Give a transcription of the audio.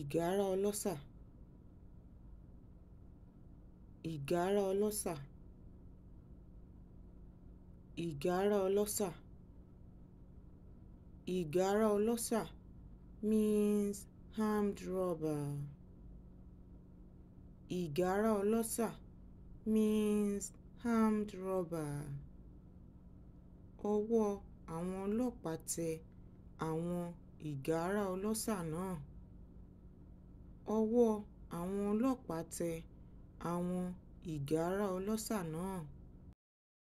ìgárá ọlọ́ṣà ìgárá ọlọ́ṣà ìgárá ọlọ́ṣà ìgárá ọlọ́ṣà means armed robber ìgárá ọlọ́ṣà means armed robber ọwọ́ àwọn ọlọ́pàá tẹ àwọn ìgárá ọlọ́ṣà náà owó àwọn ọlọ́pàá tẹ àwọn ìgárá ọlọ́ṣà náà